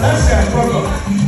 That's your problem.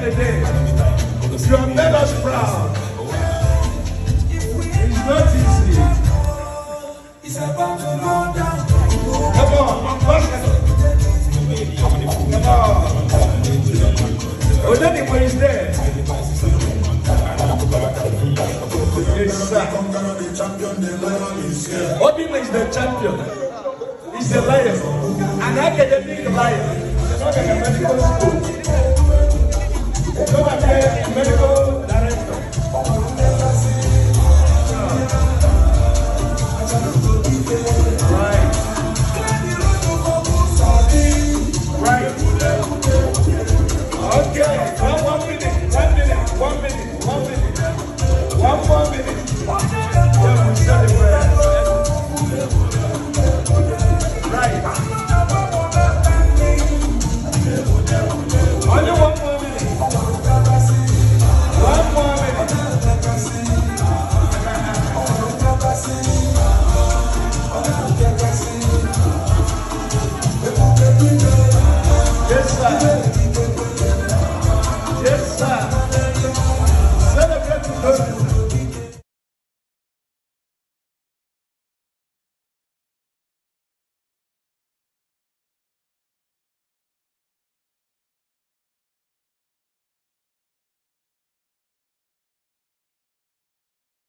the day. You have made proud. It's not easy. Come on, come on. Oh, then there. Yes, is the champion. He's a lion. An academic lion. Not an medical Okay, one, minute, one minute, one minute, one minute, one more minute.